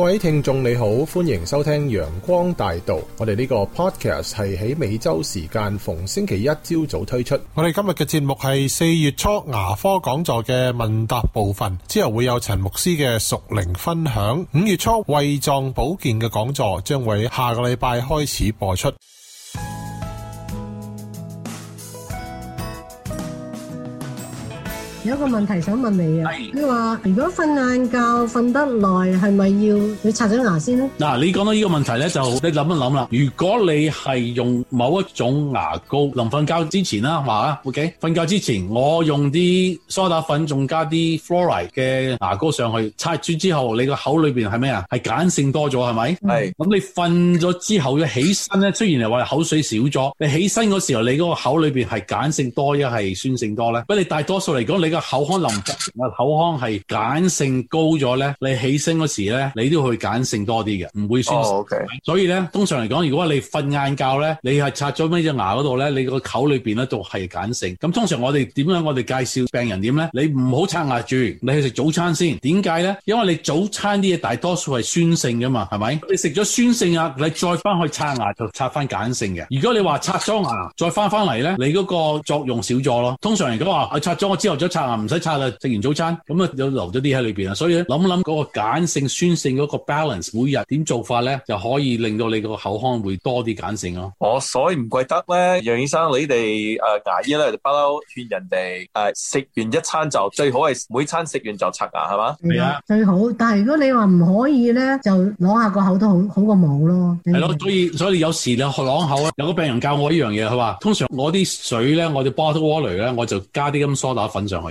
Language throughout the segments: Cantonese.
各位聽眾你好，歡迎收聽陽光大道。我哋呢個 podcast 係喺美洲時間逢星期一朝早推出。我哋今日嘅節目係四月初牙科講座嘅問答部分，之後會有陳牧師嘅屬靈分享。五月初胃臟保健嘅講座將會下個禮拜開始播出。有一個問題想問你啊，你話如果瞓晏覺瞓得耐，係咪要你刷咗牙先咧？嗱，你講到呢個問題咧，就你諗一諗啦。如果你係用某一種牙膏，臨、呃、瞓覺之前啦，話啊，OK，瞓覺之前我用啲梳打粉，仲加啲 fluoride 嘅牙膏上去，擦住之後，你個口裏邊係咩啊？係鹼性多咗，係咪？係是。咁、嗯嗯、你瞓咗之後，要起身咧，雖然話口水少咗，你起身嗰時候，你嗰個口裏邊係鹼性多一係酸性多咧？不過，你大多數嚟講你。個口腔林，口腔係鹼性高咗咧，你起身嗰時咧，你都要去鹼性多啲嘅，唔會酸。哦，O K。所以咧，通常嚟講，如果你瞓晏覺咧，你係刷咗咩只牙嗰度咧，你個口裏邊咧都係鹼性。咁通常我哋點樣？我哋介紹病人點咧？你唔好刷牙住，你去食早餐先。點解咧？因為你早餐啲嘢大多數係酸性噶嘛，係咪？你食咗酸性啊，你再翻去刷牙就刷翻鹼性嘅。如果你話刷咗牙，再翻翻嚟咧，你嗰個作用少咗咯。通常嚟講話，我刷咗，我之後再唔使、啊、刷啦，食完早餐咁啊，就留咗啲喺裏邊啊，所以諗諗嗰個鹼性、酸性嗰個 balance，每日點做法咧，就可以令到你個口腔會多啲鹼性咯、哦。我、哦、所以唔怪得咧，楊醫生，你哋誒、呃、牙醫咧，不嬲勸人哋誒食完一餐就最好係每餐食完就刷牙，係嘛？係啊，最好。但係如果你話唔可以咧，就攞下個口都好好過冇咯。係咯，所以，的所，以所以有時學攞口 有個病人教我呢樣嘢，佢話通常我啲水咧，我哋 bottle water 咧，我就加啲咁梳打粉上去。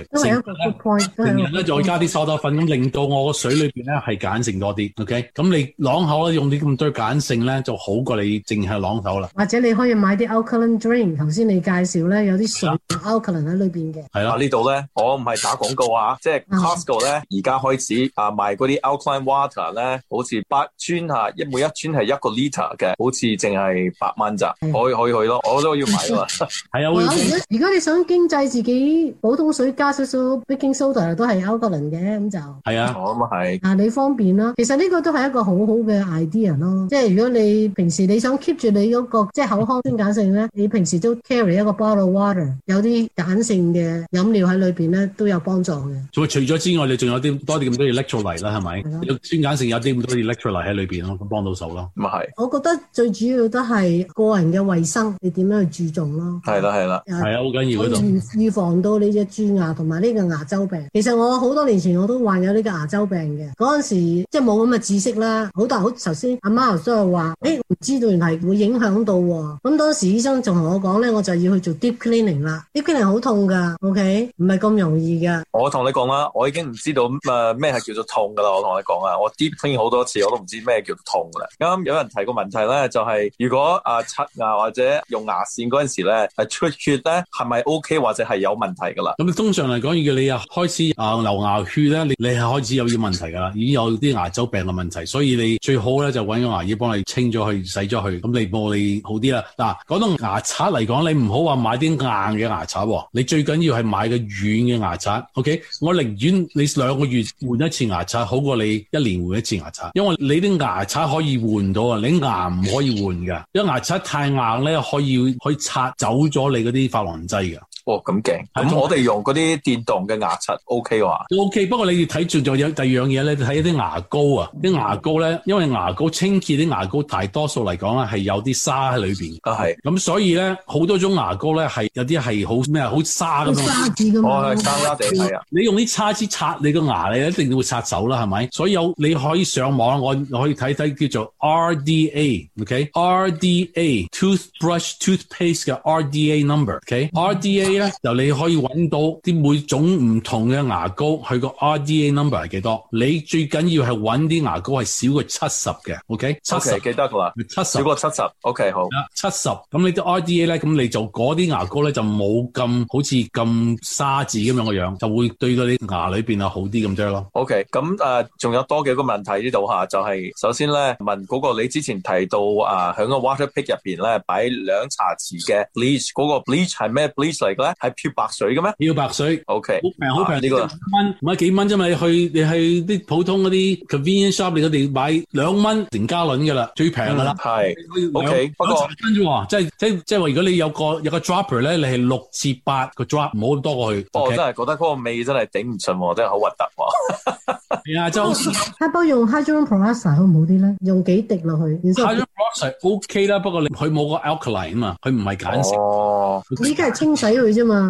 成日咧，成日咧再加啲砂多粉，咁、嗯、令到我個水裏邊咧係鹼性多啲。OK，咁你啷口咧用啲咁多鹼性咧就好過你淨係啷口啦。或者你可以買啲 alkaline drink，頭先你介紹咧有啲水 alkaline 喺裏邊嘅。係啦、啊啊啊、呢度咧，我唔係打廣告啊，即係 Costco 咧而家開始啊賣嗰啲 alkaline water 咧，好似八樽吓，一每一樽係一個 liter 嘅，好似淨係八蚊咋。啊、可以可以去咯，我都要買。係啊， 啊我如果如果你想經濟自己普通水少少 Baking Soda 都係歐國人嘅，咁就係啊，咁啊係啊，你方便啦。其實呢個都係一個好好嘅 idea 咯。即係如果你平時你想 keep 住你嗰、嗰個即係口腔酸鹼性咧， 你平時都 carry 一個 bottle of water，有啲鹼性嘅飲料喺裏邊咧都有幫助。嘅。除咗之外，你仲有啲多啲咁多嘢 electrolyte 嚟啦，係咪、啊？酸鹼性有啲咁多嘢 electrolyte 喺裏邊咯，咁幫到手咯。咁啊係。我覺得最主要都係個人嘅衞生，你點樣去注重咯？係啦，係啦，係、嗯、啊，好緊要嗰度預防到你隻蛀牙。同埋呢個牙周病，其實我好多年前我都患有呢個牙周病嘅。嗰陣時即係冇咁嘅知識啦，好大好。頭先阿媽又都係話，誒、欸、唔知道原來係會影響到喎。咁當時醫生仲同我講咧，我就要去做 deep cleaning 啦。deep cleaning 好痛㗎，OK？唔係咁容易㗎。我同你講啦，我已經唔知道誒咩係叫做痛㗎啦。我同你講啊，我 deep cleaning 好多次我都唔知咩叫痛啦。啱啱有人提個問題咧，就係、是、如果阿刷牙或者用牙線嗰陣時咧係、啊、出血咧，係咪 OK 或者係有問題㗎啦？咁通常，嚟講嘅，你啊，開始啊、呃、流牙血咧，你你係開始有啲問題噶啦，已經有啲牙周病嘅問題，所以你最好咧就揾個牙醫幫你清咗佢，洗咗佢，咁你幫你好啲啦。嗱，講到牙刷嚟講，你唔好話買啲硬嘅牙刷，你最緊要係買個軟嘅牙刷。OK，我寧願你兩個月換一次牙刷，好過你一年換一次牙刷，因為你啲牙刷可以換到啊，你牙唔可以換噶，因為牙刷太硬咧，可以可以刷走咗你嗰啲珐琅劑噶。咁勁！咁、哦、的我哋用嗰啲電動嘅牙刷，OK 的話？OK，不過你要睇住仲有第二樣嘢咧，睇啲牙膏啊，啲牙膏咧，因為牙膏清潔啲牙膏，大多數嚟講咧係有啲沙喺裏邊。啊的，係。咁所以咧，好多種牙膏咧係有啲係好咩啊，好沙咁。沙子咁嘛？我、哦、沙砂粒啊！沙的你用啲叉子擦你個牙，你一定會擦手啦，係咪？所以有你可以上網，我我可以睇睇叫做 RDA，OK？RDA、okay? toothbrush toothpaste 嘅 RDA number，OK？RDA、okay?。就你可以揾到啲每種唔同嘅牙膏，佢個 RDA number 係幾多？你最緊要係揾啲牙膏係少過七十嘅，OK？七十記得噶啦，70, 少過七十，OK 好。七十咁你啲 RDA 咧，咁你就嗰啲牙膏咧就冇咁好似咁沙子咁樣嘅樣，就會對嗰啲牙裏邊啊好啲咁多咯。OK，咁誒仲有多幾個問題呢度吓，就係、是、首先咧問嗰個你之前提到啊，喺、呃、個 water pick 入邊咧擺兩茶匙嘅 bleach，嗰個 bleach 係咩 bleach 嚟？咧係漂白水嘅咩？漂白水，OK，好平，好平，呢個蚊唔係幾蚊啫嘛？你去你去啲普通嗰啲 convenience shop，你嗰度買兩蚊成加侖嘅啦，最平嘅啦。係，OK，不過查真喎，即係即係即係話，如果你有個有個 dropper 咧，你係六至八個 drop，唔好咁多過去。我真係覺得嗰個味真係頂唔順喎，真係好核突喎。原來周先生，用 hydrogen peroxide 好唔好啲咧？用幾滴落去，hydrogen peroxide OK 啦。不過佢冇個 alkaline 啊嘛，佢唔係鹼性。哦，依家係清洗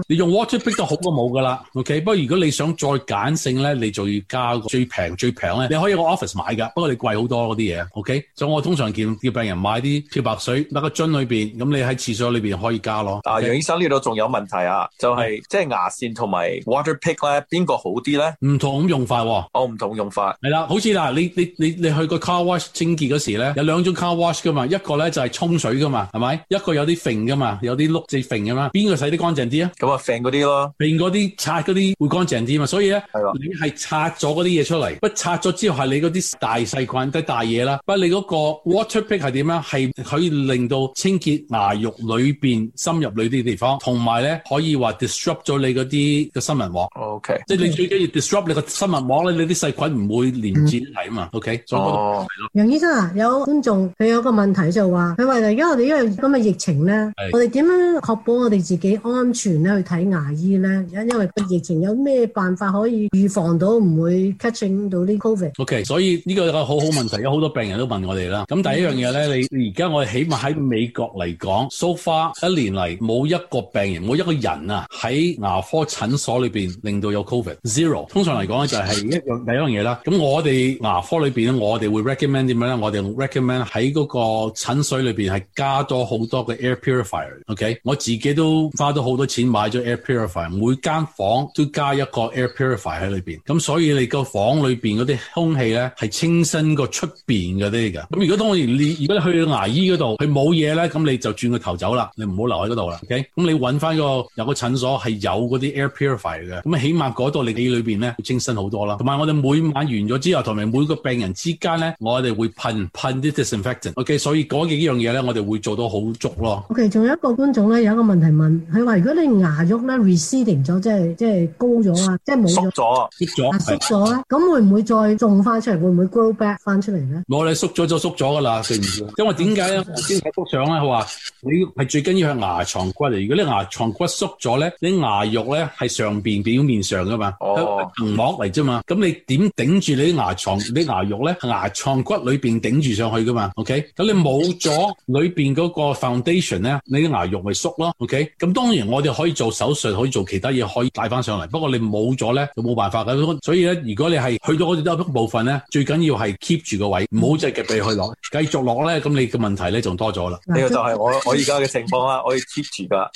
你用 Waterpick 都好過冇噶啦，OK。不過如果你想再揀性咧，你就要加個最平最平咧，你可以個 office 買噶。不過你貴好多嗰啲嘢，OK。所以我通常見叫病人買啲漂白水，嗱個樽裏邊咁，你喺廁所裏邊可以加咯。啊、okay? 呃，楊醫生呢度仲有問題啊？就係、是嗯、即係牙線同埋 Waterpick 咧，邊個好啲咧？唔同咁用法、哦，我唔、oh, 同用法。係啦，好似嗱，你你你你去個 car wash 清潔嗰時咧，有兩種 car wash 噶嘛，一個咧就係、是、沖水噶嘛，係咪？一個有啲揈噶嘛，有啲碌子揈噶嘛，邊個，個洗啲乾淨？啲啊，咁啊，掟嗰啲咯，掟嗰啲拆嗰啲會乾淨啲嘛，所以咧，你係拆咗嗰啲嘢出嚟，不拆咗之後係你嗰啲大細菌、啲、就是、大嘢啦，不過你嗰個 water pick 係點樣？係可以令到清潔牙肉裏邊深入裏啲地方，同埋咧可以話 disrupt 咗你嗰啲嘅生物網。O K，即係你最緊要 disrupt 你個生物網咧，你啲細菌唔會連接起嘛。嗯、o、okay? K，所以嗰度係咯。啊、楊醫生啊，有觀眾佢有個問題就話，佢話而家我哋因為今日疫情咧，是我哋點樣確保我哋自己安全？全咧去睇牙醫咧，而家因為個疫情有咩辦法可以預防到唔會 catching 到啲 COVID？OK，所以呢個係個好好問題，有好多病人都問我哋啦。咁第一樣嘢咧，你而家我哋起碼喺美國嚟講，so far 一年嚟冇一個病人，冇一個人啊喺牙科診所裏邊令到有 COVID zero。通常嚟講咧就係一樣第一樣嘢啦。咁我哋牙科裏邊，我哋會 recommend 點樣咧？我哋 recommend 喺嗰個診所裏邊係加多好多嘅 air purifier。OK，我自己都花咗好多。錢買咗 air purifier，每間房間都加一個 air purifier 喺裏邊，咁所以你個房裏邊嗰啲空氣咧係清新個出邊嗰啲㗎。咁如果當我而家去牙醫嗰度，佢冇嘢咧，咁你就轉個頭走啦，你唔好留喺嗰度啦。OK，咁你揾翻、那個有個診所係有嗰啲 air purifier 嘅，咁起碼嗰度你嘅裏邊咧清新好多啦。同埋我哋每晚完咗之後，同埋每個病人之間咧，我哋會噴噴啲 disinfectant。OK，disinfect 所以嗰幾樣嘢咧，我哋會做到好足咯。OK，仲有一個觀眾咧，有一個問題問，佢話如果。即係牙肉咧 receding 咗，即係即係高咗啊！即係冇咗縮咗了，跌咗，縮咗咁的會唔會再種翻出嚟？會唔會 grow back 翻出嚟咧？我哋、哦、縮咗就縮咗噶啦，記唔記得？因為點解咧？我先睇幅相咧，佢話你係最緊要係牙床骨嚟。如果你牙床骨縮咗咧，你牙肉咧係上邊表面上噶嘛，層、哦、膜嚟啫嘛。咁你點頂住你啲牙床你啲牙肉咧？牙床骨裏邊頂住上去噶嘛？OK，咁你冇咗裏邊嗰個 foundation 咧，你啲牙肉咪縮咯？OK，咁當然我哋。可以做手術，可以做其他嘢，可以帶翻上嚟。不過你冇咗咧，就冇辦法嘅。所以咧，如果你係去到嗰啲得一部分咧，最緊要係 keep 住個位，唔好隻腳俾佢攞。繼續落咧，咁你嘅問題咧，仲多咗啦。呢個就係我我而家嘅情況啦。我， 我要 keep 住噶。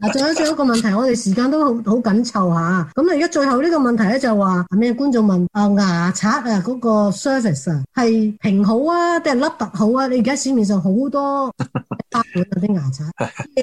嗱，仲有最後一個問題，我哋時間都好好緊湊吓。咁而家最後呢個問題咧，就話係咩？觀眾問啊，牙刷啊，嗰、嗰個 surface 係平好啊，定係凹凸好啊？你而家市面上好多。牙齒有啲牙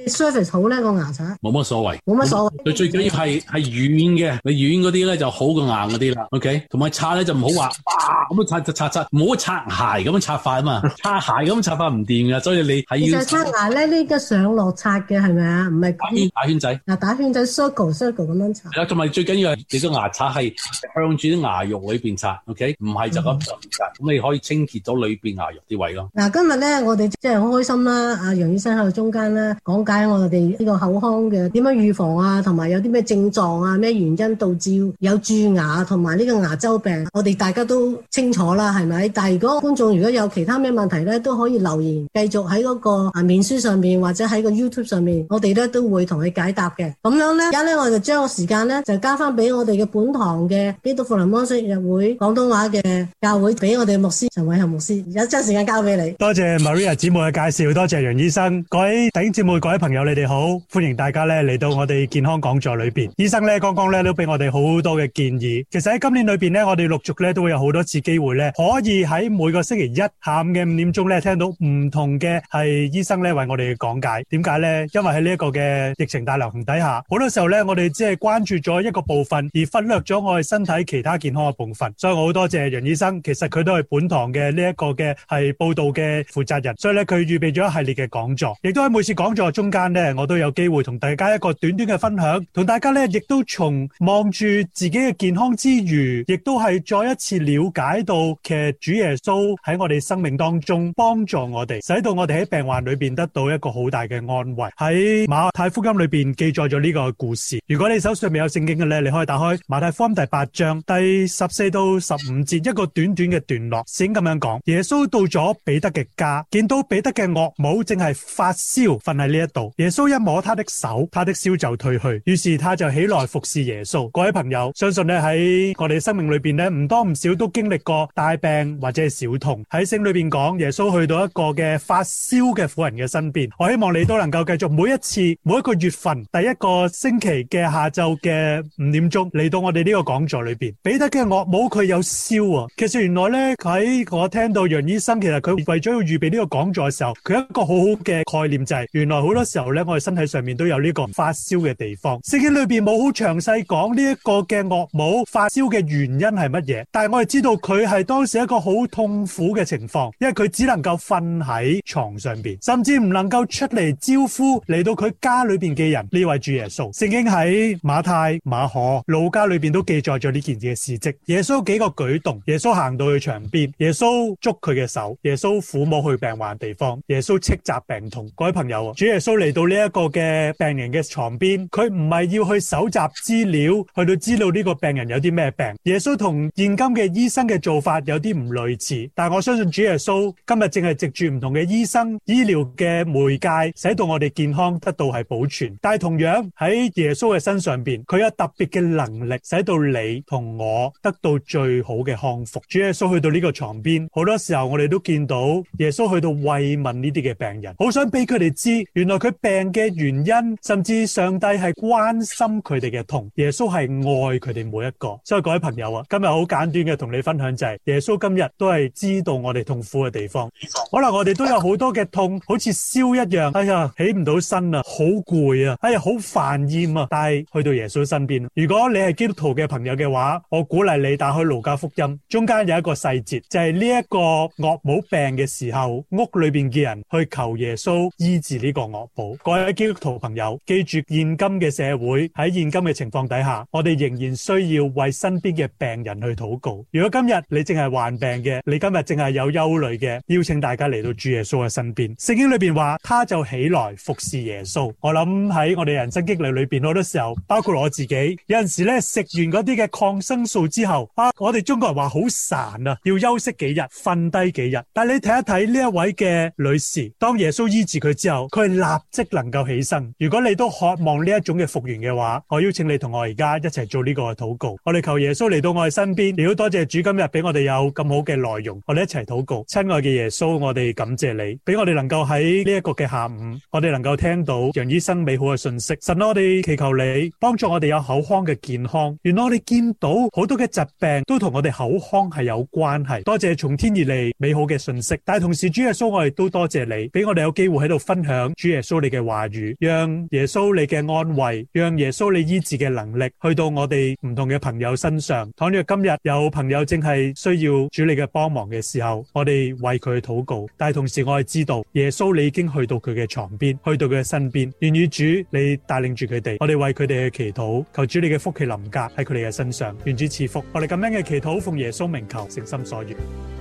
刷 service 好咧，個牙刷，冇乜所謂，冇乜所謂。佢最緊要係係軟嘅，你軟嗰啲咧就好過硬嗰啲啦。OK，同埋刷咧就唔好話哇咁樣刷，刷刷，唔好刷鞋咁樣刷法啊嘛，刷鞋咁樣刷法唔掂噶。所以你係要刷，刷牙咧，呢、呢個上落刷嘅係咪啊？唔係圈打圈仔，嗱打圈仔 circle circle 咁樣刷。同埋最緊要係你個牙刷係向住啲牙肉裏邊刷。OK 唔係就咁咁擦，嗯、你可以清潔到裏邊牙肉啲位咯。嗱，今日咧我哋即係好開心啦、啊，楊醫生喺度中間啦，講解我哋呢個口腔嘅，點樣預防啊，同埋有啲咩症狀啊，咩原因導致有蛀牙，同埋呢個牙周病，我哋大家都清楚啦，係咪？但係如果觀眾如果有其他咩問題咧，都可以留言，繼續喺嗰個啊面書上面或者喺個 YouTube 上面，我哋咧都會同你解答嘅。咁樣咧，而家咧我就將個時間咧就加翻俾我哋嘅本堂嘅基督復臨安息日會廣東話嘅教會，俾我哋牧師陳偉恆牧師。而家將時間交俾你多，多謝 Maria 姐妹嘅介紹，多謝楊醫。各位弟兄姊妹，各位朋友，你哋好，歡迎大家咧嚟到我哋健康講座裏邊。醫生咧，剛剛咧都俾我哋好多嘅建議。其實喺今年裏邊咧，我哋陸續咧都會有好多次機會咧，可以喺每個星期一下午嘅五點鐘咧，聽到唔同嘅係醫生咧為我哋嘅講解。點解咧？因為喺呢一個嘅疫情大流行底下，好多時候咧，我哋只係關注咗一個部分，而忽略咗我哋身體其他健康嘅部分。所以我好多謝楊醫生，其實佢都係本堂嘅呢一個嘅係報道嘅負責人，所以咧佢預備咗一系列嘅講。講座亦都喺每次講座中間呢，我都有機會同大家一個短短嘅分享，同大家呢亦都從望住自己嘅健康之餘，亦都係再一次了解到其實主耶穌喺我哋生命當中幫助我哋，使到我哋喺病患裏邊得到一個好大嘅安慰。喺馬太福音裏邊記載咗呢個故事。如果你手上未有聖經嘅呢，你可以打開馬太福音第八章第十四到十五節一個短短嘅段落，先咁樣講。耶穌到咗彼得嘅家，見到彼得嘅岳母正。係發燒瞓喺呢一度，耶穌一摸他的手，他的燒就退去，於是他就起來服侍耶穌。各位朋友，相信咧喺我哋生命裏邊咧唔多唔少都經歷過大病或者係小痛。喺聖經裏邊講，耶穌去到一個嘅發燒嘅婦人嘅身邊。我希望你都能夠繼續每一次每一個月份第一個星期嘅下晝嘅五點鐘嚟到我哋呢個講座裏邊。彼得嘅岳母佢有燒啊！其實原來咧佢喺我聽到楊醫生，其實佢為咗要預備呢個講座嘅時候，佢一個好。嘅概念就係、是、原來好多時候咧，我哋身體上面都有呢個發燒嘅地方。聖經裏邊冇好詳細講呢一個嘅岳母發燒嘅原因係乜嘢，但係我哋知道佢係當時一個好痛苦嘅情況，因為佢只能夠瞓喺床上邊，甚至唔能夠出嚟招呼嚟到佢家裏邊嘅人。呢位主耶穌，聖經喺馬太、馬可路加裏邊都記載咗呢件事嘅事蹟。耶穌幾個舉動，耶穌行到去床邊，耶穌捉佢嘅手，耶穌撫摸佢病患地方，耶穌斥責病。各位朋友，主耶穌嚟到呢一個嘅病人嘅床邊，佢唔係要去搜集資料，去到知道呢個病人有啲咩病。耶穌同現今嘅醫生嘅做法有啲唔類似，但我相信主耶穌今日淨係藉住唔同嘅醫生醫療嘅媒介，使到我哋健康得到係保存。但係同樣喺耶穌嘅身上邊，佢有特別嘅能力，使到你同我得到最好嘅康復。主耶穌去到呢個床邊，好多時候我哋都見到耶穌去到慰問呢啲嘅病人。好想俾佢哋知，原來佢病嘅原因，甚至上帝係關心佢哋嘅痛，耶穌係愛佢哋每一個。所以各位朋友啊，今日好簡短嘅同你分享就係，耶穌今日都係知道我哋痛苦嘅地方。可能我哋都有好多嘅痛，好似燒一樣，哎呀，起唔到身啊，好攰啊，哎呀，好煩厭啊。但係去到耶穌身邊，如果你係基督徒嘅朋友嘅話，我鼓勵你打開路加福音，中間有一個細節，就係呢一個岳母病嘅時候，屋裏邊嘅人去求。耶穌醫治呢個惡報，各位基督徒朋友，記住現今嘅社會喺現今嘅情況底下，我哋仍然需要為身邊嘅病人去禱告。如果今日你淨係患病嘅，你今日淨係有憂慮嘅，邀請大家嚟到主耶穌嘅身邊。聖經裏邊話，他就起來服侍耶穌。我諗喺我哋人生經歷裏邊，好多時候，包括我自己，有陣時咧食完嗰啲嘅抗生素之後，啊、我哋中國人話好孱啊，要休息幾日，瞓低幾日。但你睇一睇呢一位嘅女士，當耶蘇醫治佢之後，佢係立即能夠起身。如果你都渴望呢一種嘅復原嘅話，我邀請你同我而家一齊做呢個嘅禱告。我哋求耶穌嚟到我哋身邊。你好多謝主今日俾我哋有咁好嘅內容。我哋一齊禱告，親愛嘅耶穌，我哋感謝你俾我哋能夠喺呢一個嘅下午，我哋能夠聽到楊醫生美好嘅信息。神，我哋祈求你幫助我哋有口腔嘅健康。原來我哋見到好多嘅疾病都同我哋口腔係有關係。多謝從天而嚟美好嘅信息。但係同時，主耶穌，我哋都多謝你俾我哋。有機會喺度分享主耶穌你嘅話語，讓耶穌你嘅安慰，讓耶穌你醫治嘅能力去到我哋唔同嘅朋友身上。倘若今日有朋友正係需要主你嘅幫忙嘅時候，我哋為佢禱告。但係同時我係知道耶穌你已經去到佢嘅床邊，去到佢嘅身邊，願與主你帶領住佢哋。我哋為佢哋嘅祈禱，求主你嘅福氣臨格喺佢哋嘅身上。願主賜福，我哋咁樣嘅祈禱，奉耶穌名求，誠心所願。